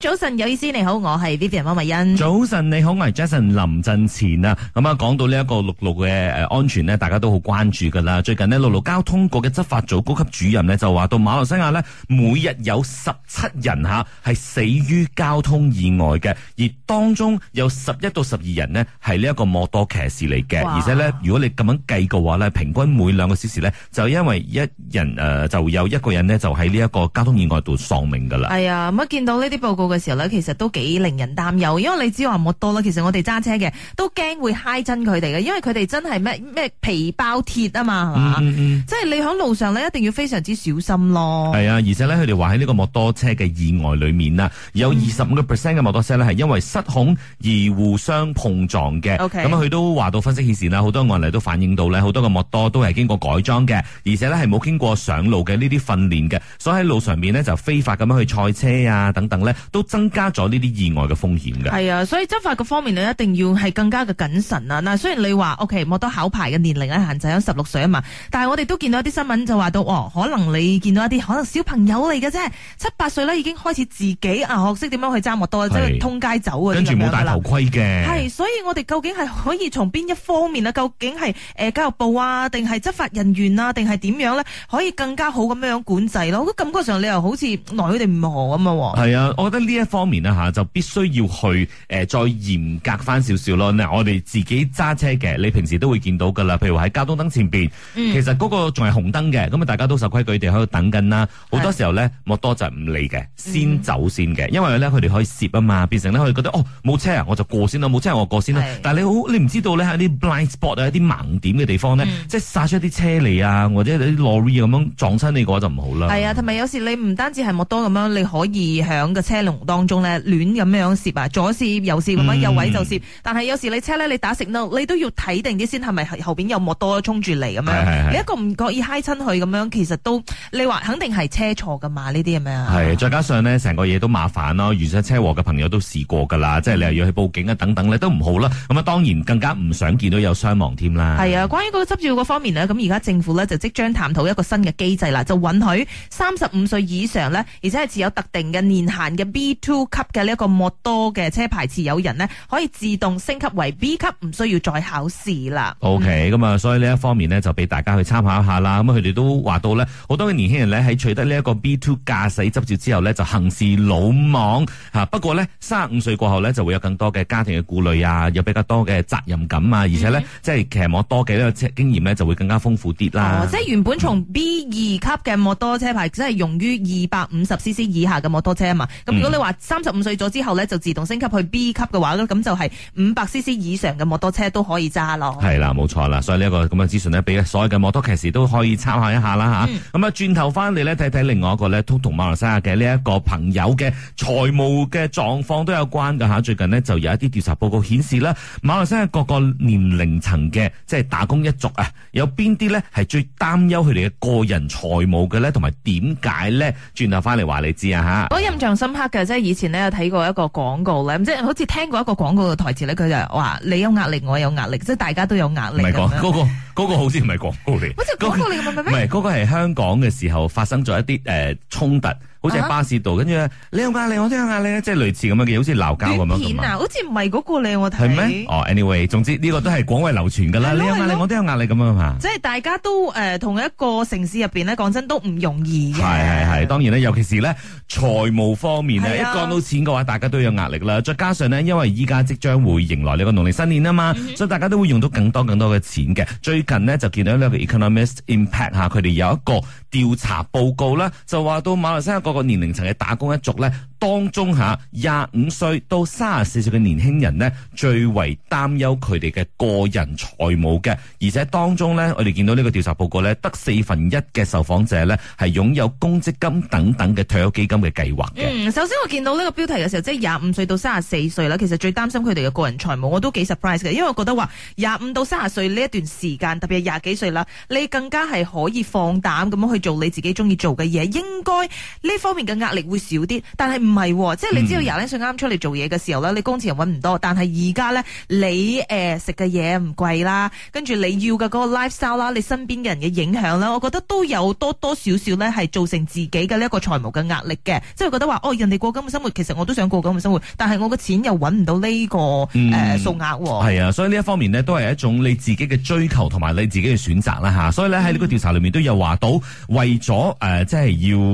早晨，有意思，你好，我係 Vivian 溫慧欣。早晨，你好，我係 Jason 林振前啊。咁啊，講到呢一個陸路嘅誒安全咧，大家都好關注噶啦。最近咧，陸路交通局嘅執法組高級主任咧就話，到馬來西亞咧，每日有十七人吓係死於交通意外嘅，而當中有十一到十二人咧係呢一個摩托騎士嚟嘅，而且咧，如果你咁樣計嘅話咧，平均每兩個小時咧就因為一人誒、呃、就有一個人咧就喺呢一個交通意外度喪命噶啦。係啊，咁啊，見到呢啲報告。嘅時候咧，其實都幾令人擔憂，因為你知我話摩托啦，其實我哋揸車嘅都驚會嗨親佢哋嘅，因為佢哋真係咩咩皮包鐵啊嘛，係、嗯、嘛，即係、嗯就是、你喺路上咧一定要非常之小心咯。係啊，而且咧佢哋話喺呢他們說在這個摩托車嘅意外裏面啊，有二十五個 percent 嘅摩托車咧係因為失控而互相碰撞嘅。咁、嗯、佢都話到分析顯示啦，好多案例都反映到咧，好多嘅摩托都係經過改裝嘅，而且咧係冇經過上路嘅呢啲訓練嘅，所以喺路上面呢，就非法咁樣去賽車啊等等咧都增加咗呢啲意外嘅風險嘅，係啊，所以執法嘅方面你一定要係更加嘅謹慎啊！嗱，雖然你話 O K 摩多考牌嘅年齡咧限制喺十六歲啊嘛，但係我哋都見到一啲新聞就話到哦，可能你見到一啲可能小朋友嚟嘅啫，七八歲咧已經開始自己啊學識點樣去揸摩多，即係通街走啊，跟住冇戴頭盔嘅，係，所以我哋究竟係可以從邊一方面啊？究竟係誒、呃、教育部啊，定係執法人員啊，定係點樣咧？可以更加好咁樣管制咯？感覺上你又好似奈佢哋唔何啊嘛？係啊，我覺得。呢一方面呢，嚇，就必須要去誒、呃、再嚴格翻少少咯。嗱，我哋自己揸車嘅，你平時都會見到噶啦。譬如喺交通燈前邊、嗯，其實嗰個仲係紅燈嘅，咁啊大家都守規矩，地喺度等緊啦。好多時候咧，摩托就唔理嘅、嗯，先走先嘅，因為咧佢哋可以攝啊嘛，變成咧佢哋覺得哦冇車啊，我就過先啦，冇車我過先啦。但係你好，你唔知道咧喺啲 blind spot 啊、啲盲點嘅地方咧、嗯，即係殺出啲車嚟啊，或者啲 lorries 咁樣撞親你嘅話就唔好啦。係啊，同埋有時你唔單止係摩托咁樣，你可以喺個車當中咧亂咁樣攝啊，左攝右攝咁樣，有位就攝。但係有時你車咧，你打食、嗯，你都要睇定啲先是是，係咪後邊有冇多衝住嚟咁樣？你一個唔覺意揩親佢咁樣，其實都你話肯定係車錯噶嘛？呢啲係咪啊？係，再加上呢，成個嘢都麻煩咯。遇上車禍嘅朋友都試過噶啦，即係你又要去報警啊，等等你都唔好啦。咁啊，當然更加唔想見到有傷亡添啦。係啊，關於個執照嘅方面呢，咁而家政府呢，就即將探討一個新嘅機制啦，就允許三十五歲以上呢，而且係持有特定嘅年限嘅 B2 級嘅呢一個摩托嘅車牌持有人呢，可以自動升級為 B 級，唔需要再考試啦。OK，咁啊，所以呢一方面呢，就俾大家去參考一下啦。咁佢哋都話到呢，好多嘅年輕人呢，喺取得呢一個 B2 駕駛執照之後呢，就行事魯莽吓、啊。不過呢，三十五歲過後呢，就會有更多嘅家庭嘅顧慮啊，有比較多嘅責任感啊，而且呢，嗯、即係騎摩托嘅呢個車經驗呢就會更加豐富啲啦。哦、即係原本從 B2 級嘅摩托車牌，嗯、即係用於二百五十 c c 以下嘅摩托車啊嘛。咁、嗯、如果話三十五歲咗之後咧，就自動升級去 B 級嘅話咧，咁就係五百 CC 以上嘅摩托車都可以揸咯。係啦，冇錯啦，所以呢一個咁嘅資訊呢，俾所有嘅摩托騎士都可以參考一下啦吓。咁、嗯、啊，轉頭翻嚟咧，睇睇另外一個咧，同同馬來西亞嘅呢一個朋友嘅財務嘅狀況都有關嘅吓。最近呢，就有一啲調查報告顯示啦，馬來西亞各個年齡層嘅即係打工一族啊，有邊啲咧係最擔憂佢哋嘅個人財務嘅咧，同埋點解咧？轉頭翻嚟話你知啊吓。我印象深刻嘅。即係以前咧，有睇過一個廣告咧，即係好似聽過一個廣告嘅台詞咧，佢就話你有壓力，我有壓力，即係大家都有壓力。唔係講嗰個，嗰個好似唔係廣告嚟。好似廣告嚟嘅，唔係咩？唔係嗰個係香港嘅時候發生咗一啲誒衝突。好似喺巴士度，跟住你有壓力，我都有壓力，即係類似咁樣嘅，好似鬧交咁樣咁好似唔係嗰個你。我睇。係咩？哦，anyway，總之呢個都係廣為流傳噶啦。你有壓力，我都有壓力咁、就是、樣嘛。即係大家都誒、呃、同一個城市入面，咧，講真都唔容易嘅。係係係，當然呢，尤其是咧財務方面呢、 啊、一講到錢嘅話，大家都有壓力啦。再加上呢，因為依家即將會迎來呢、這個農曆新年啊嘛， 所以大家都會用到更多更多嘅錢嘅。最近呢，就見到呢個 Economist Impact 下，佢哋有一個調查報告啦，就話到馬來西亞。嗰個年齡層嘅打工一族咧。當中吓廿五歲到三十四歲嘅年輕人呢，最為擔憂佢哋嘅個人財務嘅，而且當中呢，我哋見到呢個調查報告呢，得四分一嘅受訪者呢，係擁有公積金等等嘅退休基金嘅計劃嘅。嗯，首先我見到呢個標題嘅時候，即係廿五歲到三十四歲啦，其實最擔心佢哋嘅個人財務，我都幾 surprise 嘅，因為我覺得話廿五到三十歲呢一段時間，特別係廿幾歲啦，你更加係可以放膽咁樣去做你自己中意做嘅嘢，應該呢方面嘅壓力會少啲，但係。唔係喎，即係你知道，廿零歲啱出嚟做嘢嘅時候咧、嗯，你工錢又揾唔多。但係而家咧，你誒食嘅嘢唔貴啦，跟住你要嘅嗰個 lifestyle 啦，你身邊嘅人嘅影響啦，我覺得都有多多少少咧係造成自己嘅呢一個財務嘅壓力嘅。即係覺得話哦，人哋過咁嘅生活，其實我都想過咁嘅生活，但係我嘅錢又揾唔到呢、這個誒數、嗯呃、額、啊，喎。係啊，所以呢一方面咧，都係一種你自己嘅追求同埋你自己嘅選擇啦吓，所以咧喺呢個調查裏面都有話到，嗯、為咗誒、呃、即係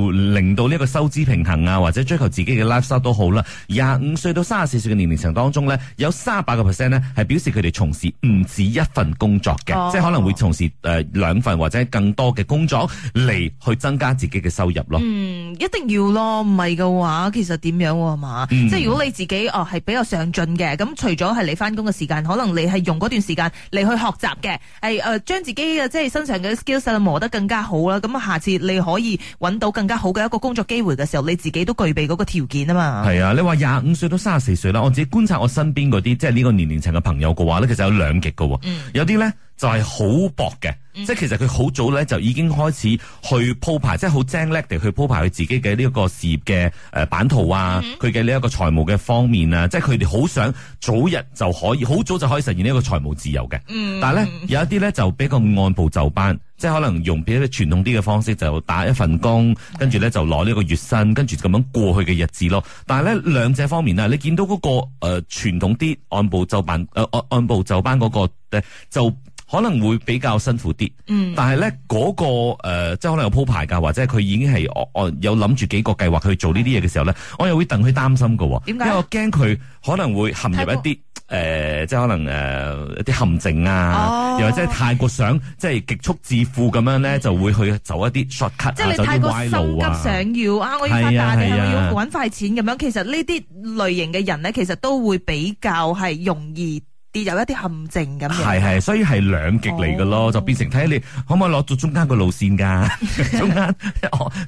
要令到呢個收支平衡啊，或者追求自自己嘅 life 都好啦。廿五歲到三十四歲嘅年齡層當中咧，有三十八個 percent 咧，係表示佢哋從事唔止一份工作嘅，oh. 即係可能會從事誒、呃、兩份或者更多嘅工作嚟去增加自己嘅收入咯。嗯，一定要咯，唔係嘅話，其實點樣係嘛、嗯？即係如果你自己哦係、呃、比較上進嘅，咁除咗係你翻工嘅時間，可能你係用嗰段時間嚟去學習嘅，係誒將自己嘅即係身上嘅 skills 啊磨得更加好啦。咁啊，下次你可以揾到更加好嘅一個工作機會嘅時候，你自己都具備嗰、那個。條件啊嘛，係啊，你話廿五歲到三十四歲啦，我自己觀察我身邊嗰啲即係呢個年齡層嘅朋友嘅話咧，其實有兩極嘅，有啲咧。就係、是、好薄嘅，即係其實佢好早咧就已經開始去鋪排，即係好精叻地去鋪排佢自己嘅呢一個事業嘅誒版圖啊，佢嘅呢一個財務嘅方面啊，即係佢哋好想早日就可以，好早就可以實現呢一個財務自由嘅，嗯。但係咧有一啲咧就比較按部就班，即係可能用比較傳統啲嘅方式就打一份工，嗯，跟住咧就攞呢個月薪，跟住咁樣過去嘅日子咯。但係咧兩者方面啊，你見到嗰，那個誒傳、呃、統啲按部就班誒、呃、按部就班嗰，那個就。可能會比較辛苦啲，嗯，但係咧嗰個誒、呃，即係可能有鋪排噶，或者佢已經係我我有諗住幾個計劃去做呢啲嘢嘅時候咧、嗯，我又會戥佢擔心噶，點解？因為我驚佢可能會陷入一啲誒、呃，即係可能誒、呃、一啲陷阱啊，又、哦、或者係太過想即係極速致富咁樣咧，就會去走一啲 short cut，、啊、即係、啊、太過心急想要啊，我要發達、啊啊、我要搵快錢咁樣，其實呢啲類型嘅人咧，其實都會比較係容易。有一啲陷阱咁，係係，所以係兩極嚟嘅咯，oh. 就變成睇你可唔可以攞到中間個路線㗎、啊， 中間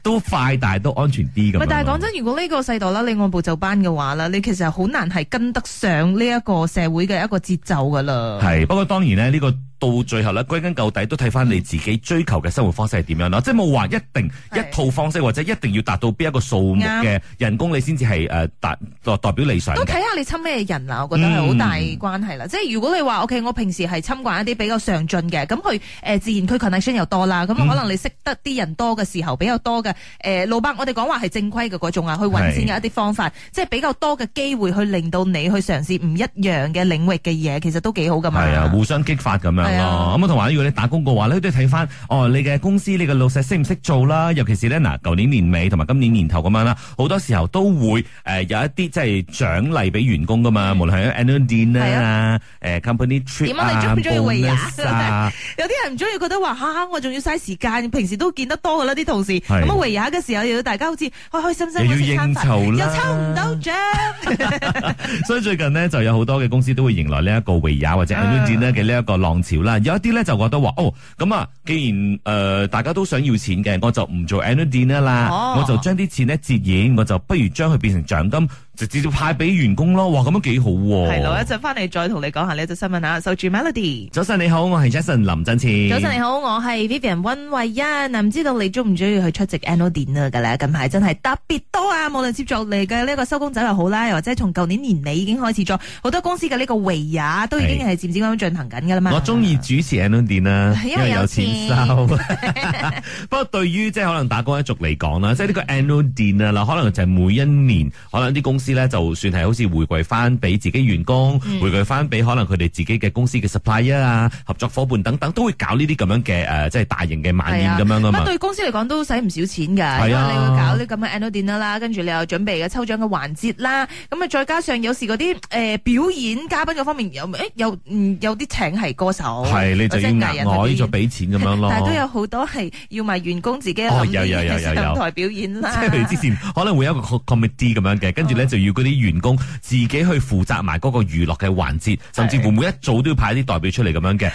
都快但係都安全啲咁。但係講真，如果呢個世代啦，你按部就班嘅話啦，你其實好難係跟得上呢一個社會嘅一個節奏㗎啦。係，不過當然咧，呢、呢個。到最後咧，歸根究底都睇翻你自己追求嘅生活方式係點樣啦、嗯，即係冇話一定一套方式，或者一定要達到邊一個數目嘅人工你先至係誒達，代、呃、表理想。都睇下你親咩人啦，我覺得係好大關係啦、嗯。即係如果你話，OK，我平時係親近一啲比較上進嘅，咁佢誒自然佢 connection 又多啦，咁可能你識得啲人多嘅時候比較多嘅，誒、嗯呃、老伯，我哋講話係正規嘅嗰種啊，去搵錢嘅一啲方法，即係比較多嘅機會去令到你去嘗試唔一樣嘅領域嘅嘢，其實都幾好噶嘛。係啊，互相激發咁樣。係、嗯、咯，咁啊同埋如果你打工嘅話咧，都睇翻哦，你嘅公司你嘅老細識唔識做啦？尤其是咧嗱，舊年年尾同埋今年年頭咁樣啦，好多時候都會誒有一啲即係獎勵俾員工噶嘛、嗯，無論係 n n n n e 啊、誒 company trip 啊、company dinner、啊、有啲人唔中意，覺得話嚇、嗯、我仲要嘥時間，平時都見得多噶啦啲同事，咁維、那個、也嘅時候要大家好似開、哎、開心開心，開心，又要應酬啦，又抽唔到獎， 所以最近咧就有好多嘅公司都會迎來呢一個維也或者 annual dinner 嘅呢一個浪潮。嗯啦，有一啲咧就覺得話，哦，咁啊，既然誒、呃、大家都想要錢嘅，我就唔做 annual dinner 啦，我就將啲錢咧折現，我就不如將佢變成獎金。就直接派俾員工咯，哇，咁樣幾好喎！啊！係啦，一陣返嚟再同你講下呢一則新聞啊。收住 Melody，早晨你好，我係 Jason 林振前。早晨你好，我係 Vivian 溫慧欣。嗱，唔知道你中唔中意去出席 Annual Dinner 㗎喇？近排真係特別多啊！無論接續嚟嘅呢個收工仔又好啦，又或者從舊年年尾已經開始咗好多公司嘅呢個維也都已經係漸漸咁樣進行緊㗎啦嘛。我中意主持 Annual Dinner，因，因為有錢收。 不過對於即係可能打工一族嚟講啦，即係呢個 Annual Dinner 嗱，可能就係每一年可能啲公司。就算係好似回饋翻俾自己員工，嗯、回饋翻俾可能佢哋自己嘅公司嘅 supplier 啊，合作伙伴等等，都會搞呢啲咁樣嘅誒，即、呃、係大型嘅晚宴咁樣啊嘛。對公司嚟講都使唔少錢㗎，啊，因啊，你會搞啲咁嘅 annual dinner 啦，跟住你又準備嘅抽獎嘅環節啦，咁啊，再加上有時嗰啲誒表演嘉賓嗰方面有誒有啲請係歌手，係你就要額外，外再俾錢咁樣咯。樣 但係都有好多係要埋員工自己。哦，有有有有有，有，有台表演啦。即係之前可能會有一個 committee 咁樣嘅，跟住咧。哦要嗰啲員工自己去負責埋嗰個娛樂嘅環節，甚至乎每一組都要派啲代表出嚟咁樣嘅，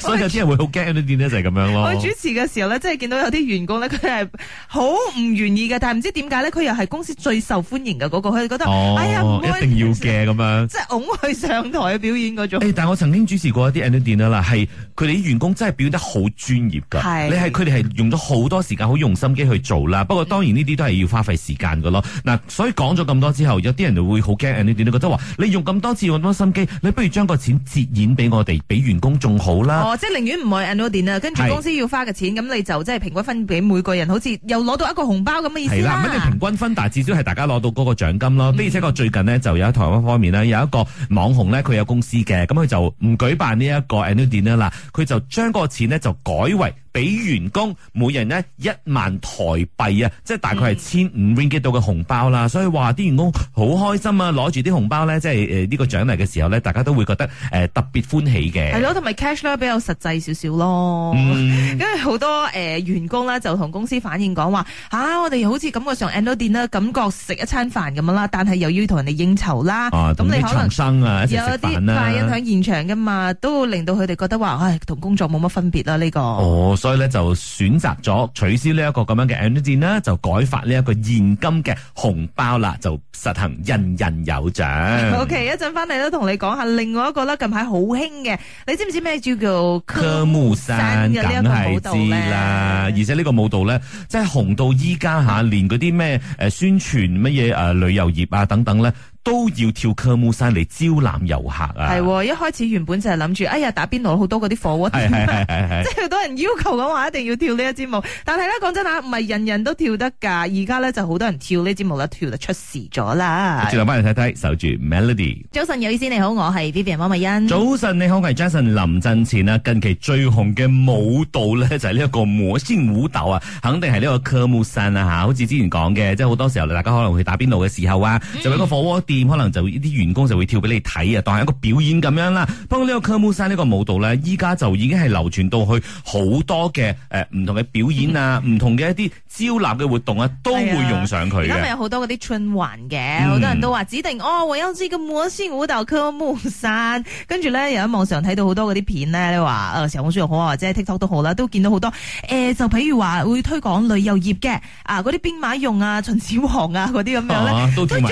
所以有啲人會好驚。Annual Dinner 就係咁樣咯。我主持嘅時候咧，即係見到有啲員工咧，佢係好唔願意嘅，但係唔知點解咧，佢又係公司最受歡迎嘅嗰個，佢哋覺得，哎呀，一定要嘅咁樣，即係擁佢上台表演嗰種。但我曾經主持過一啲 Annual Dinner 啦，係佢哋啲員工真係表演得好專業㗎，你係佢哋係用咗好多時間，好用心機去做啦。不過當然呢啲都係要花費時間㗎咯。嗱，所以講咗咁多之後。有啲人就會好驚 n n u a l 電，覺得話你用咁多次，用咁多心機，你不如將個錢折現俾我哋，俾員工仲好啦。哦，即係寧願唔開 n u a l 電啦，跟住公司要花嘅錢，咁你就即係平均分俾每個人，好似又攞到一個紅包咁嘅意思嘛。係啦，你平均分，但係至少係大家攞到嗰個獎金咯。並、嗯、且個最近呢，就有喺台灣方面呢，有一個網紅呢，佢有公司嘅，咁佢就唔舉辦呢一個 n u a l 電啦，佢就將嗰個錢咧就改為。俾員工每人呢一萬台幣啊，即係大概係千五 ringgit 到嘅紅包啦，嗯、所以話啲員工好開心啊，攞住啲紅包咧，即係呢、呃呢個獎勵嘅時候咧，大家都會覺得誒、呃、特別歡喜嘅。係、嗯、咯，同埋 cash 呢比較實際少少咯，因為好多誒、呃、員工呢，就同公司反映講話吓，我哋好似感覺上 end 到店啦，感覺食一餐飯咁樣啦，但係又要同人哋應酬啦，咁、啊、你重生啊，啊，有一啲快欣喺現場㗎嘛，都會令到佢哋覺得話唉，同、哎、工作冇乜分別啦、啊、呢、呢個。哦所以咧就選擇咗取消呢一個咁樣嘅 anti 戰啦，就改發呢一個現金嘅紅包啦，就實行人人有獎。OK，一陣翻嚟都同你講下另外一個啦。近排好興嘅，你知唔知咩叫做科目三嘅呢一個舞蹈咧？而且呢個舞蹈咧，即係紅到依家嚇，連嗰啲咩誒宣傳乜嘢誒旅遊業啊等等咧。都要跳科目三嚟招攬遊客啊！係，一開始原本就係諗住，哎呀打邊爐好多嗰啲火鍋店即係好多人要求咁話，一定要跳呢一支舞，但係咧，講真啊唔係人人都跳得噶。而家咧就好多人跳呢支舞咧，跳得出事咗啦。接落返嚟睇睇，守住《Melody》。早晨，有意思，你好，我係 Vivian 馬欣。早晨，你好，我係 Jason。臨陣前啊，近期最紅嘅舞蹈咧就係呢一個《魔仙舞蹈》啊，肯定係呢個科目三啊吓。好似之前講嘅，即係好多時候大家可能去打邊爐嘅時候啊、嗯，就喺個火鍋店。可能就呢啲員工就會跳俾你睇啊，當係一個表演咁樣啦。不過呢個《科目三》呢個舞蹈咧，依家就已經係流傳到去好多嘅唔、呃、同嘅表演啊，唔、嗯、同嘅一啲招納嘅活動啊，都會用上佢。今日有好多嗰啲春環嘅，好、嗯、多人都話指定哦，我要知個魔性舞蹈《科目三》呢。跟住咧又喺網上睇到多、呃、常常好多嗰啲片咧，話誒小紅書又好或者 TikTok 都好啦，都見到好多誒、呃，就譬如話會推廣旅遊業嘅啊，嗰啲兵馬俑啊、秦始皇啊嗰啲咁樣、啊、都著住啲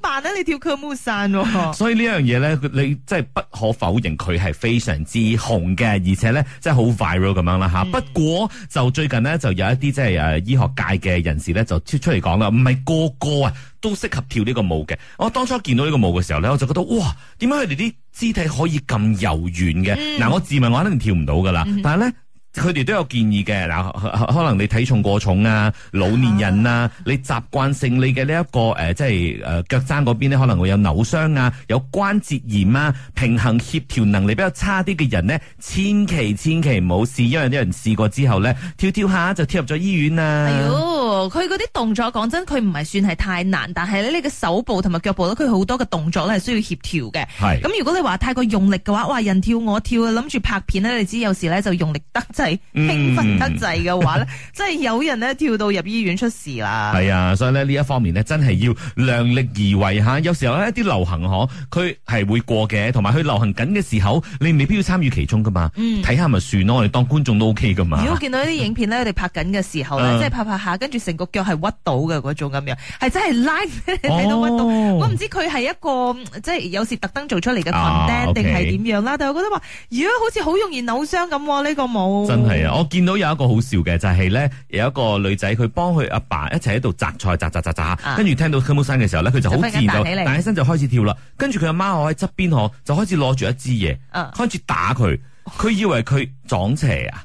扮啊！你跳科目三，所以呢樣嘢咧，你即係不可否認佢係非常之紅嘅，而且咧即係好 viral 咁樣啦吓、嗯。不過就最近咧，就有一啲即係誒醫學界嘅人士咧，就出出嚟講啦，唔係個個啊都適合跳呢個舞嘅。我當初見到呢個舞嘅時候咧，我就覺得哇，點解佢哋啲肢體可以咁柔軟嘅？嗱、嗯，我自問我肯定跳唔到噶啦、嗯，但係咧。佢哋都有建議嘅，嗱，可能你體重過重啊，老年人啊，你習慣性你嘅呢一個、呃、即係誒、呃、腳踭嗰邊咧，可能會有扭傷啊，有關節炎啊，平衡協調能力比較差啲嘅人咧，千祈千祈唔好試，因為啲人試過之後咧，跳跳下就跳入咗醫院啊。哎佢嗰啲動作講真，佢唔係算係太難，但係咧，你嘅手部同埋腳部咧，佢好多嘅動作咧係需要協調嘅。咁，如果你話太過用力嘅話，哇，人跳我跳啊，諗住拍片咧，你知有時咧就用力得滯，嗯、興奮得滯嘅話咧， 即係有人咧跳到入醫院出事啦。係啊，所以呢，呢一方面呢真係要量力而為吓。有時候呢一啲流行，嗬，佢係會過嘅，同埋佢流行緊嘅時候，你未必要參與其中噶嘛。睇下咪算咯，我哋當觀眾都 OK 噶嘛。如果見到啲影片呢，我哋 拍緊嘅時候、嗯、即係拍拍下，跟住。成個腳係屈到嘅嗰種咁樣，係真係拉睇到屈到、哦，我唔知佢係一個即係、就是、有時特登做出嚟嘅裙丁定係點樣啦、啊 okay，但係我覺得話，如果好似好容易扭傷咁呢個冇。真係啊！我見到有一個好笑嘅就係、是、咧，有一個女仔佢幫佢阿爸一齊喺度摘菜摘摘摘摘，跟住聽到科目三嘅時候咧，佢就好自然就彈起身就開始跳啦。跟住佢阿媽我喺側邊我就開始攞住一支嘢、啊，開始打佢。佢以為佢撞邪啊！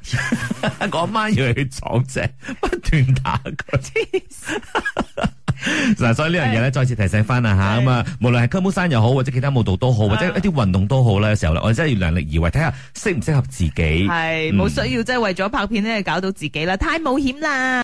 我阿媽以為佢撞邪，不斷打佢。嗱、啊， 所以呢樣嘢咧，再次提醒翻啊吓，咁啊！無論係科目三又好，或者其他舞蹈都好，或者一啲運動都好啦，有時候咧，我真係要量力而為，睇下適唔適合自己。係冇、嗯、需要，即、就、係、是、為咗拍片咧，搞到自己啦，太冒險啦。